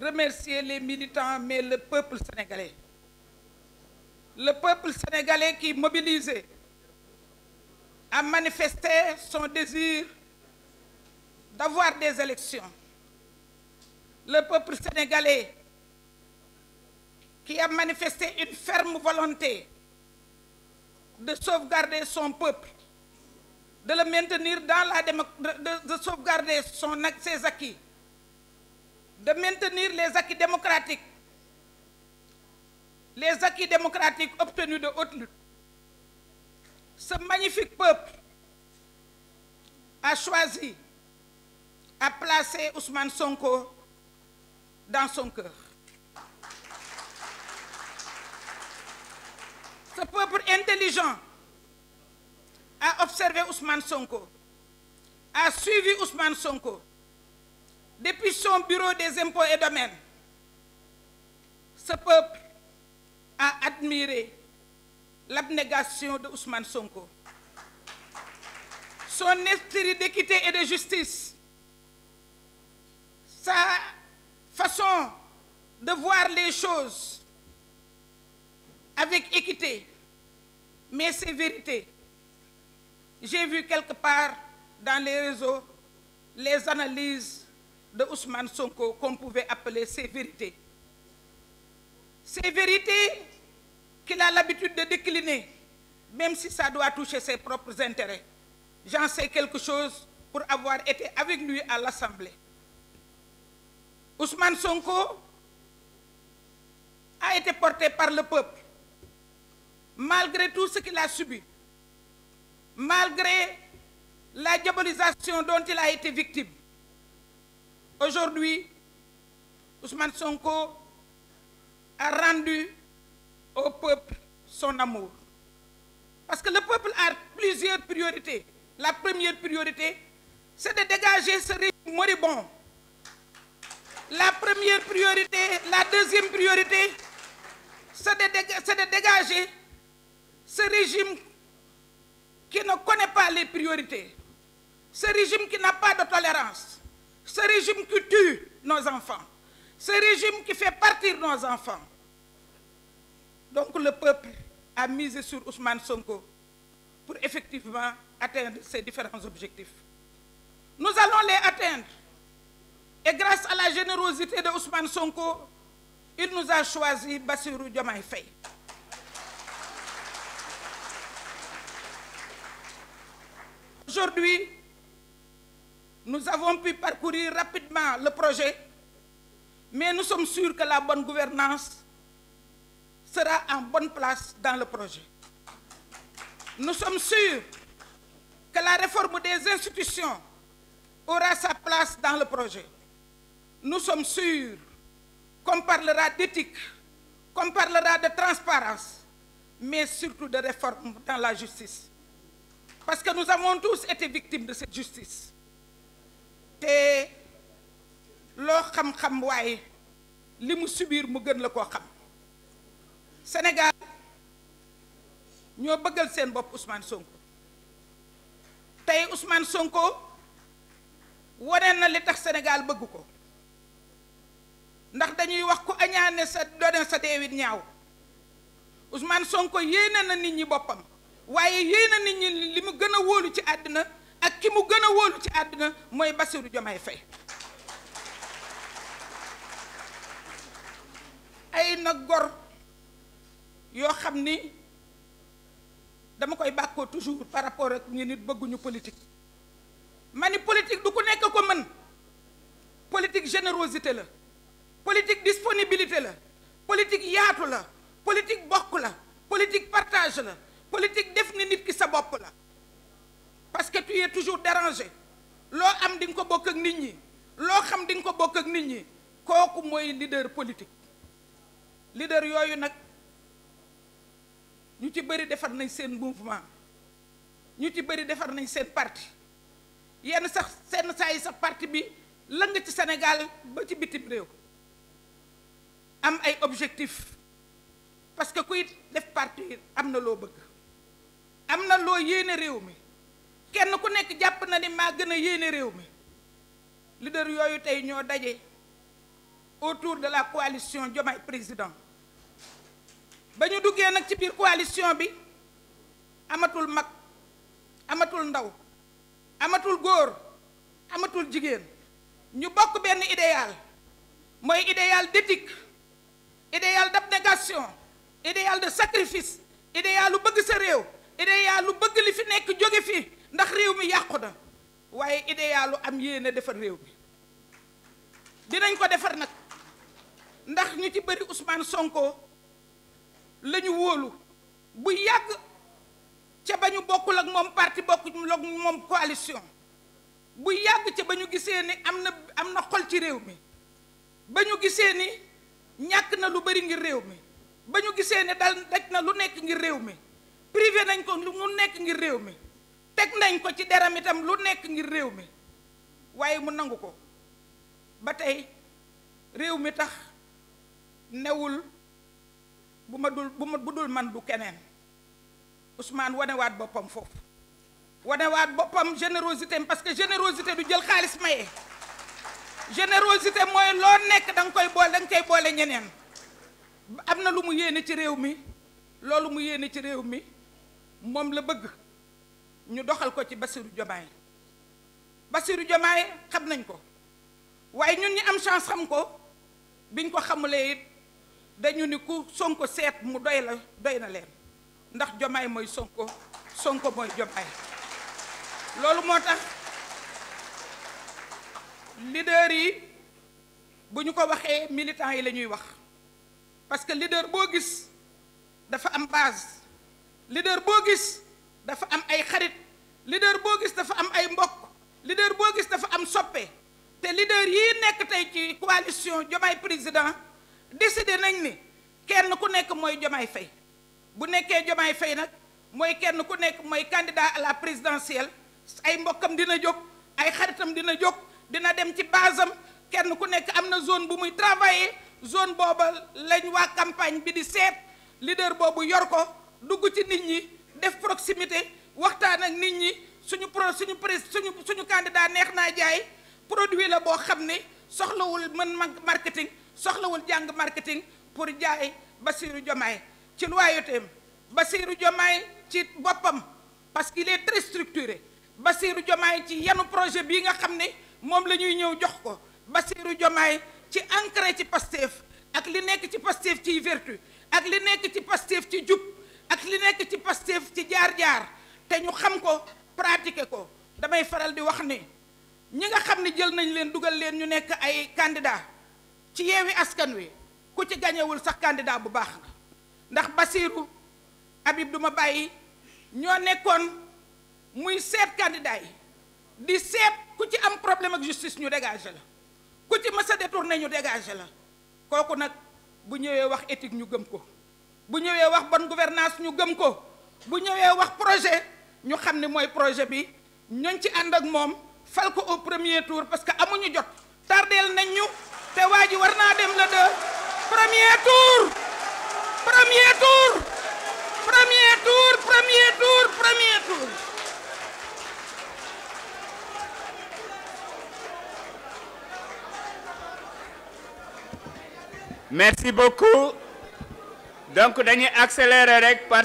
remercier les militants, mais le peuple sénégalais. Le peuple sénégalais qui mobilisé à manifesté son désir d'avoir des élections. Le peuple sénégalais qui a manifesté une ferme volonté de sauvegarder son peuple, de le maintenir dans la démocratie, de, de, de sauvegarder son, ses acquis, de maintenir les acquis démocratiques, les acquis démocratiques obtenus de haute lutte. Ce magnifique peuple a choisi, a placé Ousmane Sonko dans son cœur. Ce peuple intelligent a observé Ousmane Sonko, a suivi Ousmane Sonko, depuis son bureau des impôts et domaines, ce peuple a admiré l'abnégation de Ousmane Sonko, son esprit d'équité et de justice, sa façon de voir les choses avec équité, mais sévérité. J'ai vu quelque part dans les réseaux les analyses de Ousmane Sonko qu'on pouvait appeler ses vérités. Ces vérités qu'il a l'habitude de décliner, même si ça doit toucher ses propres intérêts. J'en sais quelque chose pour avoir été avec lui à l'Assemblée. Ousmane Sonko a été porté par le peuple, malgré tout ce qu'il a subi, malgré la diabolisation dont il a été victime. Aujourd'hui, Ousmane Sonko a rendu au peuple son amour. Parce que le peuple a plusieurs priorités. La première priorité, c'est de dégager ce régime moribond. La première priorité, la deuxième priorité, c'est de, de dégager ce régime qui ne connaît pas les priorités. Ce régime qui n'a pas de tolérance. Ce régime qui tue nos enfants. Ce régime qui fait partir nos enfants. Donc le peuple a misé sur Ousmane Sonko pour effectivement atteindre ses différents objectifs. Nous allons les atteindre. Et grâce à la générosité de Ousmane Sonko, il nous a choisi Bassirou Diomaye Aujourd'hui, Nous avons pu parcourir rapidement le projet, mais nous sommes sûrs que la bonne gouvernance sera en bonne place dans le projet. Nous sommes sûrs que la réforme des institutions aura sa place dans le projet. Nous sommes sûrs qu'on parlera d'éthique, qu'on parlera de transparence, mais surtout de réforme dans la justice. Parce que nous avons tous été victimes de cette justice. te loo xam-xam waaye li mu subir mu gën la koo xam Sénégal ñoo bëggal seen bopp Ousmane Sonko tey Ousmane Sonko wane na li tax Sénégal bëgg ko ndax dañuy wax ku añaane sa doone sa deewit ñaaw Ousmane Sonko yéene na nit ñi boppam waaye yéene na nit ñi li mu gën a wóolu ci àddina ki mu gën a wóolu ci àdduna mooy Bassirou Diomaye Faye ay na gor yoo xam ni dama koy bàkkoo toujours par rapport ak ñu nit bëgguñu politique ma ni politique du ku nekk ko mën politique générosité la politique disponibilité la politique yaatu la politique bokk la politique partage la politique def ni nit ki sa bopp la parce que tu es toujours dérangé loo am di nga ko bokk ak nit ñi loo xam di nga ko bokk ak nit ñi kooku mooy leader politique leader yooyu nag ñu ci bëri defar nañ seen mouvement ñu ci bëri defar nañ seen parti yenn sax seen saa yi sax parti bi lëng ci Sénégal ba ci bitim réew am ay objectif parce que kuy def parti am na loo bëgg am na loo yéene réew mi kenn ku nekk jàpp na ni maa gën a yéene réew mi leader yooyu tey ñoo daje autour de la coalition Diomaye Président ba ñu duggee nag ci biir coalition bi amatul mag amatul ndaw amatul góor amatul jigéen ñu bokk benn idéal mooy idéal d'éthique idéal d'abnégation idéal de sacrifice idéal lu bëgg sa réew idéal lu bëgg li fi nekk jóge fi ndax réew mi yàqu na waaye idéalu am yéene defar réew mi dinañ ko defar nag ndax ñu ci bëri Ousmane Sonko lañu ñu wóolu bu yàgg ca ba ñu bokkul ak moom parti bokkuñu bokkul ak moom coalition bu yàgg ca ba ñu gisee ni am na am na xol ci réew mi ba ñu gisee ni ñàkk na lu bari ngir réew mi ba ñu gisee ni dal daj na lu nekk ngir réew mi privé nañ ko lu nekk ngir réew mi teg nañ ko ci deram itam lu nekk ngir réew mi waaye mu nangu ko ba tey réew mi tax newul bu ma dul bu ma bu dul man du keneen Ousmane wanewaat boppam foofu wanewaat boppam générosité parce que générosité du jël xaalis maye générosité mooy loo nekk da koy boole da koy boole ñeneen am na lu mu yéene ci réew mi loolu mu yéene ci réew mi moom la bëgg ñu doxal ko ci Bassirou Diomaye Bassirou Diomaye xam nañ ko waaye ñun ñi am chance xam ko biñ ko xamulee it dañu ni ku Sonko seet mu doy la doy na leen ndax Diomaye mooy Sonko Sonko mooy Diomaye loolu moo tax leader yi bu ñu ko waxee militants yi la ñuy wax parce que leader boo gis dafa am base leader boo gis dafa am ay xarit leader boo gis dafa am ay mbokk leader boo gis dafa am soppe te leader yii nekk tey ci coalition Diomaye président décidé nañ ni kenn ku nekk mooy Diomaye Faye bu nekkee Diomaye Faye nag mooy kenn ku nekk mooy candidat à la présidentielle ay mbokkam dina jóg ay xaritam dina jóg dina dem ci basam kenn ku nekk am na zone bu muy travailler zone booba lañ waa campagne bi di seet leader boobu yor ko dugg ci nit ñi def proximité waxtaan ak nit ñi suñu pro suñu prés suñu suñu daa neex naa jaay produit la boo xam ne soxlawul mën marketing soxlawul jàng marketing pour jaay Bassirou Diomaye ci loyautéem Bassirou Diomaye ci boppam parce qu'il est très structuré Bassirou Diomaye ci yanu projet bii nga xam ne moom la ñuy ñëw jox ko Bassirou Diomaye ci ancré ci Pastef ak li nekk ci Pastef ciy vertu ak li nekk ci Pastef ci jub ak li nekk ci Pastef ci jaar-jaar te ñu xam ko pratiquer ko damay faral di wax ni ñi nga xam ne jël nañ leen dugal leen ñu nekk ay candidat ci yeewi askan wi ku ci gañawul sax candidat bu baax nga ndax Basiiru Habib duma bàyyi ñoo nekkoon muy seet candidat yi di seet ku ci am problème ak justice ñu dégagé la ku ci mës a détourné ñu dégagé la kooku nag bu ñëwee wax éthique ñu gëm ko bu ñëwee wax bonne gouvernance ñu gëm ko bu ñëwee wax projet ñu xam ne mooy projet bi ñooñ ci ànd ak moom fal ko au premier tour parce que amuñu jot tardeel nañ ñu te waa ji war naa dem le deux premier tour premier tour premier tour premier tour premier tour merci beaucoup donc dañuy accélérer rek